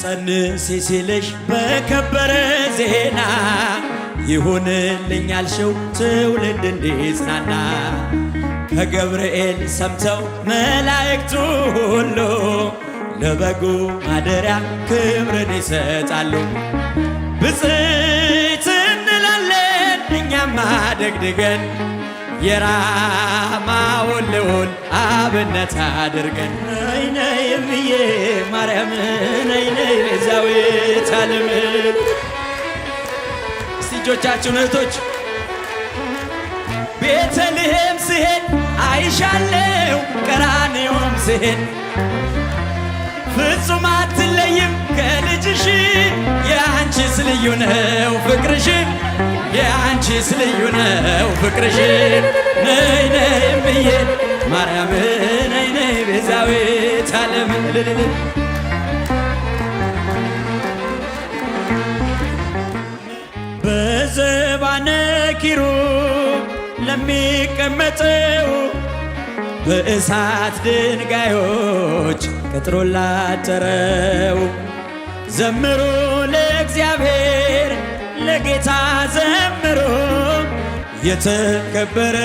ጸንሲ ሲልሽ በከበረ ዜና ይሁንልኝ ያልሽው ትውልድ እንዲጽናና ከገብርኤል ሰምተው መላእክቱ ሁሉ ለበጉ ማደሪያ ክብርን ይሰጣሉ። ብፅዕት እንላለን እኛም አደግድገን የራማውን ልዑል አብነት አድርገን ነይ ነይ ብዬ ማርያም ነይ ነይ ቤዛዊት ዓለም እጆቻችሁን እህቶች ቤተልሔም ስሄድ አይሻለው ቀራንዮም ስሄድ ፍጹም አትለይም ከልጅሽ የአንቺስ ልዩ ነው ፍቅርሽ የአንቺስ ልዩ ነው ፍቅርሽ ነይ ነይ እምዬ ማርያም ነይ ነይ ቤዛዊት ዓለም በዘባነ ኪሩብ ለሚቀመጠው በእሳት ድንጋዮች ቅጥሩ ላጠረው ዘምሩ ለእግዚአብሔር ለጌታ ዘ የተከበረ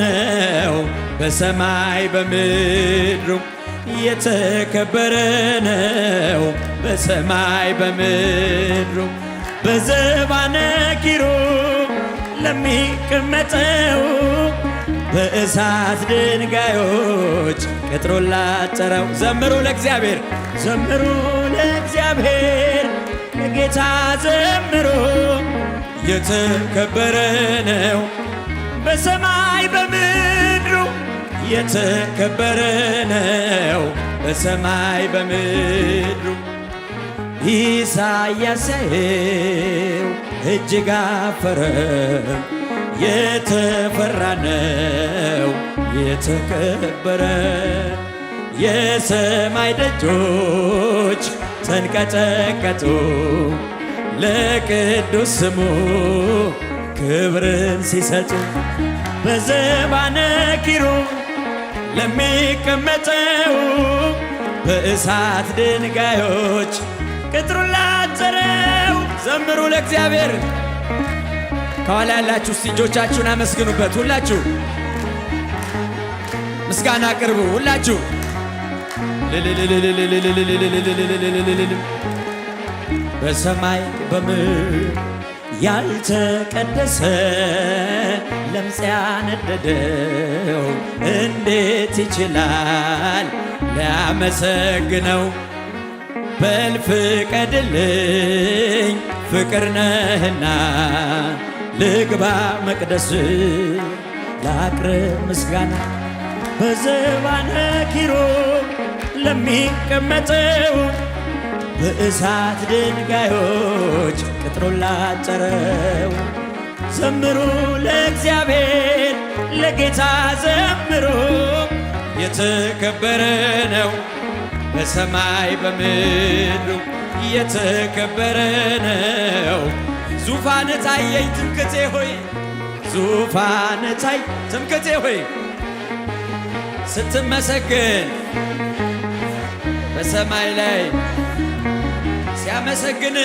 ነው በሰማይ በምድሩ የተከበረ ነው በሰማይ በምድሩ በዘባነ ኪሩ ለሚቀመጠው በእሳት ድንጋዮች ቅጥሩ ላጠረው ዘምሩ ለእግዚአብሔር ዘምሩ ለእግዚአብሔር ለጌታ የተከበረ ነው በሰማይ በምድሩ የተከበረ ነው በሰማይ በምድሩ ኢሳያስው እጅግ አፈረ የተፈራ ነው የተከበረ የሰማይ ደጆች ተንቀጠቀጡ ለቅዱስ ስሙ ክብርን ሲሰጡ በዘባነ ኪሩ ለሚቀመጠው በእሳት ድንጋዮች ቅጥሩን ላጠረው ዘምሩ ለእግዚአብሔር። ከኋላ ያላችሁ እስቲ እጆቻችሁን አመስግኑበት። ሁላችሁ ምስጋና አቅርቡ። ሁላችሁ በሰማይ በምድር ያልተቀደሰ ለምጽ ያነደደው እንዴት ይችላል ሊያመሰግነው? በል ፍቀድልኝ ፍቅር ነህና ልግባ መቅደስ ላቅርብ ምስጋና በዘባነ ኪሮ ለሚቀመጠው በእሳት ድንጋዮች ቅጥሩን ላጠረው ዘምሩ ለእግዚአብሔር ለጌታ ዘምሩ የተከበረ ነው በሰማይ በምድሩ የተከበረ ነው። ዙፋን ታየኝ ትምክቴ ሆይ ዙፋን ታይ ትምክቴ ሆይ ስትመሰገን በሰማይ ላይ ሲያመሰግን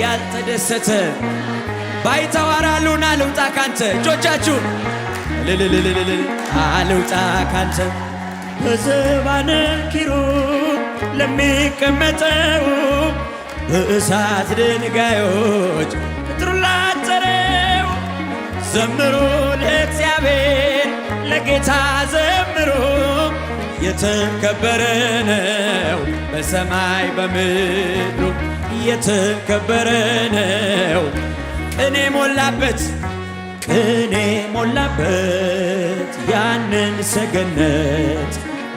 ያልተደሰተ ባይተዋራሉና ልውጣ ካንተ እጆቻችሁ አልውጣ ካንተ በዘባነ ኪሩ ለሚቀመጠው በእሳት ድንጋዮች ቅጥሩ ላጠረው ዘምሩ ለእግዚአብሔር ለጌታ ዘምሩ የተከበረ ነው በሰማይ በምድሩ የተከበረ ነው ቅኔ ሞላበት ቅኔ ሞላበት ያንን ሰገነት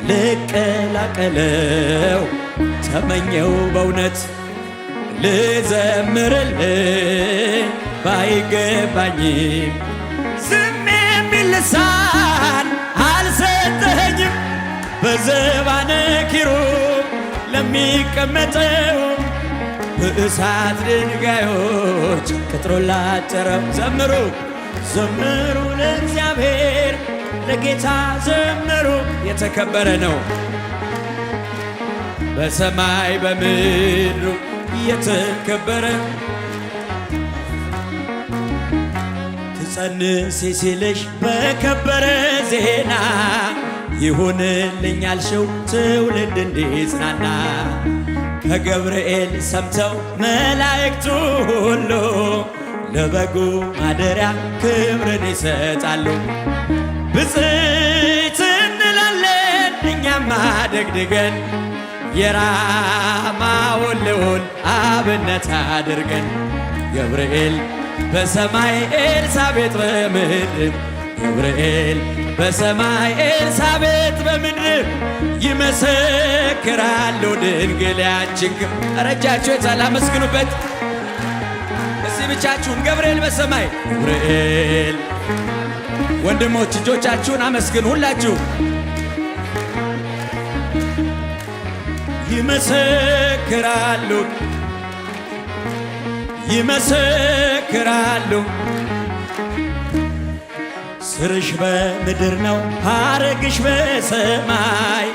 ልቀላቀለው ተመኘው በእውነት ልዘምርልን ባይገባኝም በዘባነ ኪሩብ ለሚቀመጠው በእሳት ድንጋዮች ቅጥሩን ላጨረው ዘምሩ ዘምሩ ለእግዚአብሔር ለጌታ ዘምሩ የተከበረ ነው በሰማይ በምድሩ የተከበረ ትጸንስ ሲልሽ በከበረ ዜና ይሁንልኝ ያልሽው ትውልድ እንዲጽናና ከገብርኤል ሰምተው መላእክቱ ሁሉ ለበጉ ማደሪያ ክብርን ይሰጣሉ። ብፅዕት እንላለን እኛም አደግድገን የራማውን ልዑል አብነት አድርገን ገብርኤል በሰማይ ኤልሳቤጥ በምድር ገብርኤል በሰማይ ኤልሳቤጥ በምድር ይመሰክራሉ ድንግል ያንቺን ረጃቸው መስግኑበት እዚህ ብቻችሁን ገብርኤል በሰማይ ገብርኤል ወንድሞች እጆቻችሁን አመስግን ሁላችሁ ይመሰክራሉ ይመሰክራሉ ስርሽ በምድር ነው ሐረግሽ በሰማይ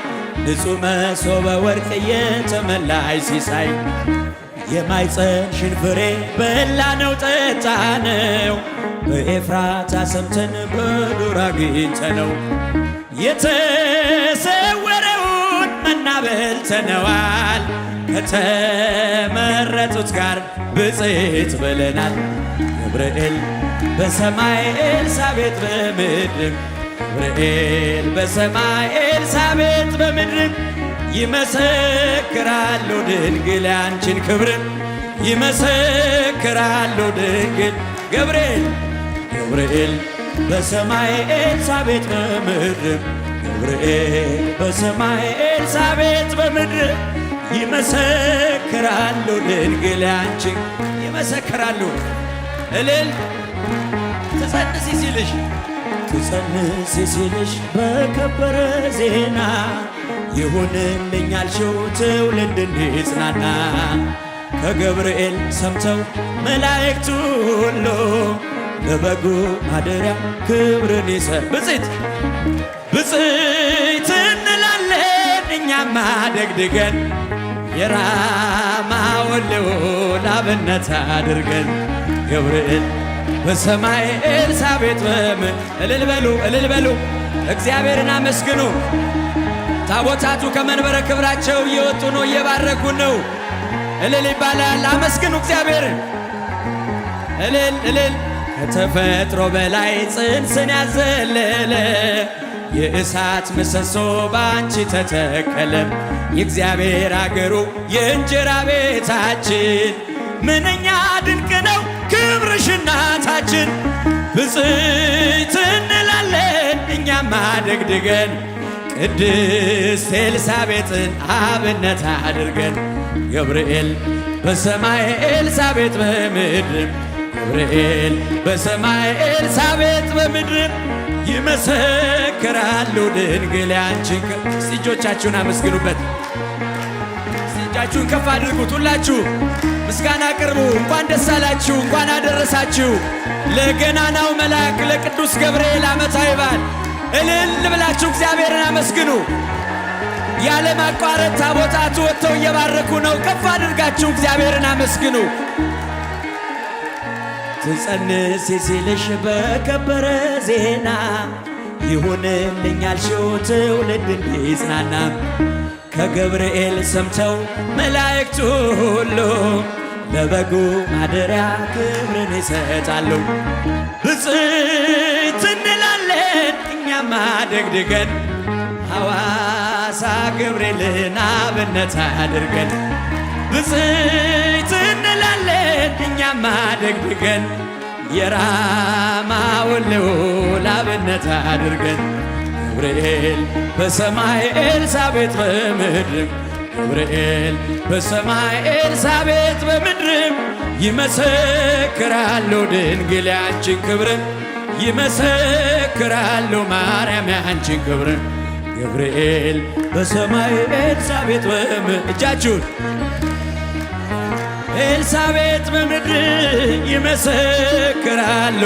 ንጹሕ መሶበ ወርቅ የተመላሽ ሲሳይ የማኅፀንሽን ፍሬ በላነው ጠጣነው በኤፍራታ ሰምተን በዱር ነው። የተሰወረውን መና በልተነዋል ከተመረጡት ጋር ብፅዕት ብለናል ገብርኤል በሰማይ ኤልሳቤጥ በምድር ገብርኤል በሰማይ ኤልሳቤጥ በምድር ይመሰክራሉ ድንግል ያንችን ክብር ይመሰክራሉ ድንግል ገብርኤል ገብርኤል በሰማይ ኤልሳቤጥ በምድር ገብርኤል በሰማይ ኤልሳቤጥ በምድር ይመሰክራሉ ድንግል ያንቺን ይመሰክራሉ እልል ትጸንስ ሲልሽ ትጸንስ ሲልሽ በከበረ ዜና ይሁንልኛል ሺው ትውልድ እንዲጽናና ከገብርኤል ሰምተው መላእክቱ ሁሉ ለበጉ ማደሪያ ክብርን ይሰጥ ብፅዕት ብፅዕት እንላለን እኛማ ደግድገን የራማውን ልዑል አብነት አድርገን ገብርኤል በሰማይ ኤልሳቤጥ በምን እልል በሉ እልል በሉ እግዚአብሔርን አመስግኑ። ታቦታቱ ከመንበረ ክብራቸው እየወጡ ነው፣ እየባረኩ ነው። እልል ይባላል። አመስግኑ እግዚአብሔርን እልል እልል ከተፈጥሮ በላይ ጽንስን ያዘለለ የእሳት ምሰሶ ባንቺ ተተከለም የእግዚአብሔር አገሩ የእንጀራ ቤታችን ምንኛ ድንቅ ነው። ክብርሽ እናታችን ብፅዕት እንላለን እኛም አደግድገን ቅድስት ኤልሳቤጥን አብነት አድርገን ገብርኤል በሰማይ ኤልሳቤጥ በምድርም ገብርኤል በሰማይ ኤልሳቤጥ በምድርም ይመሰክራሉ ድንግል ያንቺን እጆቻችሁን አመስግኑበት እጃችሁን ከፍ አድርጉት። ሁላችሁ ምስጋና አቅርቡ። እንኳን ደስ አላችሁ፣ እንኳን አደረሳችሁ ለገናናው መልአክ ለቅዱስ ገብርኤል ዓመታዊ በዓል። እልል ብላችሁ እግዚአብሔርን አመስግኑ። ያለ ማቋረጥ ታቦታቱ ወጥተው እየባረኩ ነው። ከፍ አድርጋችሁ እግዚአብሔርን አመስግኑ። ትጸንስ ሲልሽ በከበረ ዜና ይሁንልኛል ሽው ትውልድ እንዲጽናና ከገብርኤል ሰምተው መላእክቱ ሁሉ ለበጉ ማደሪያ ክብርን ይሰጣሉ። ብፅዕት እንላለን እኛማ ደግድገን ሐዋሳ ገብርኤልን አብነት አድርገን ብፅዕት እንላለን እኛማ ደግድገን የራማውን ልዑል አብነት አድርገን ገብርኤል በሰማይ ኤልሳቤጥ በምድርም ገብርኤል በሰማይ ኤልሳቤጥ በምድርም ይመሰክራሉ ድንግል ያንቺን ክብር ይመሰክራሉ ማርያም ያንቺን ክብር ገብርኤል በሰማይ ኤልሳቤጥ በምድር እጃችሁን ኤልሳቤጥ በምድር ይመሰክራሉ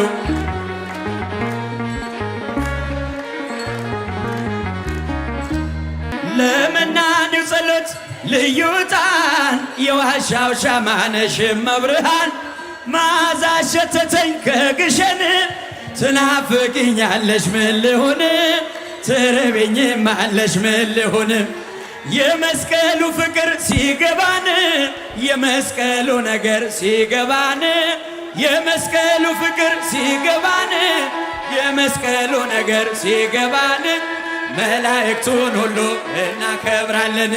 ለመናን ጸሎት ልዩ ጣን የዋሻው ሻማነሽ መብርሃን ማዛ ሸተተኝ ከግሸን ትናፍቅኛለሽ ምን ልሁን ትርብኝማለሽ ምን ልሁን የመስቀሉ ፍቅር ሲገባን የመስቀሉ ነገር ሲገባን የመስቀሉ ፍቅር ሲገባን የመስቀሉ ነገር ሲገባን መላእክቱን ሁሉ እናከብራለን።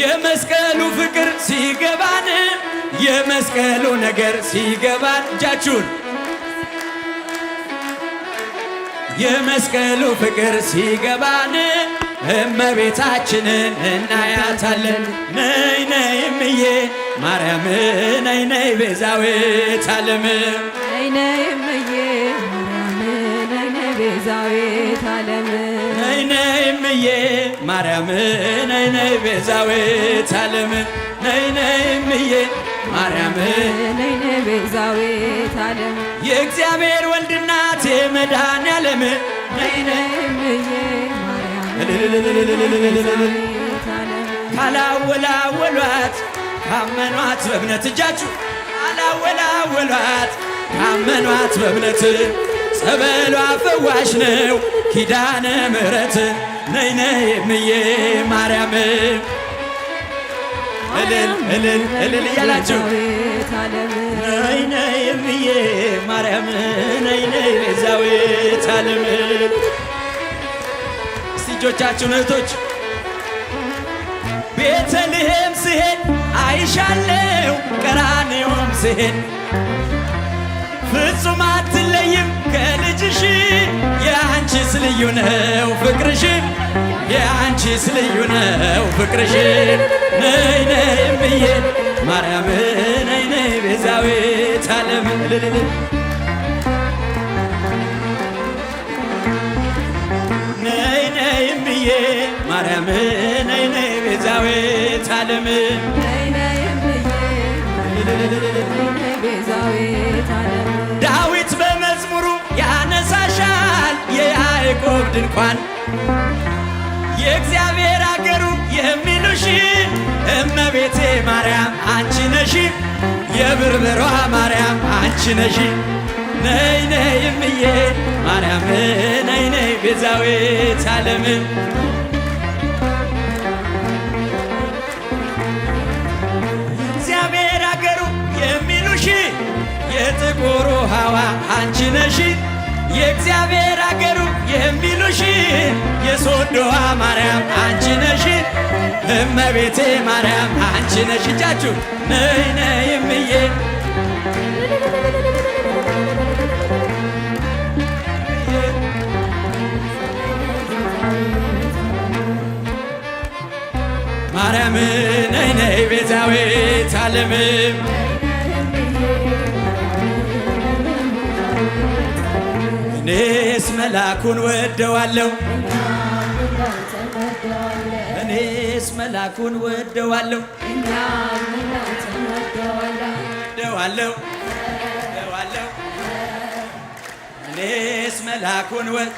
የመስቀሉ ፍቅር ሲገባን የመስቀሉ ነገር ሲገባን እጃችሁን የመስቀሉ ፍቅር ሲገባን እመቤታችንን እናያታለን። ነይ ነይ እምዬ ማርያም ነይ ነይ ቤዛዊት ዓለም ነይ ነይ እምዬ ማርያም ነይ ነይ ቤዛዊት ዓለም ነይ ነይ እምዬ ማርያም ነይ ነይ ቤዛዊት ዓለም ነይ ነይ እምዬ ማርያም ነይ ነይ ቤዛዊት ዓለም የእግዚአብሔር ወልድ እናቴ ዓለም ካላወላወሏት ካመኗት በእምነት እጃችሁ ካላወላወሏት ካመኗት በእምነት ጸበሏ ፈዋሽ ነው ኪዳነ ምሕረት ነይ ነይ እምዬ ማርያም እልል እልል እልል እያላችሁ ነይ ነይ እምዬ ማርያም ነይ ነይ ቤዛዊት ዓለም እስቲ እጆቻችሁን እህቶች ቤተልሔም ስሄድ አይሻለው ቀራንዮም ስሄድ ፍጹም አትለይም ከልጅሽ የአንቺስ ልዩ ነው ፍቅርሽ የአንቺስ ልዩ ነው ፍቅርሽ ነይ ነይ እምዬ ማርያም ነይ ነይ ዓለም ልልል ነይ ነይ ማርያም ነይ ነይ ዓለም ነይ ነይ ዓለም ያዕቆብ ድንኳን የእግዚአብሔር አገሩ የሚሉሽ እመቤቴ ማርያም አንቺ ነሽ፣ የብርበሯ ማርያም አንቺ ነሽ። ነይ ነይ እምዬ ማርያም ነይ ነይ ቤዛዊት ዓለም የእግዚአብሔር አገሩ የሚሉሽ የጥቁሩ ውሃዋ አንቺ ነሽ የእግዚአብሔር አገሩ የሚሉሽ የሶዶዋ ማርያም አንቺ ነሽ፣ እመቤቴ ማርያም አንቺ ነሽ። እጃችሁ ነይ ነይ እምዬ ማርያም ነይ ነይ ቤዛዊት መላኩን ወደዋለሁ እኔስ መላኩን ወደዋለሁ ደዋለሁ እኔስ መላኩን ወደ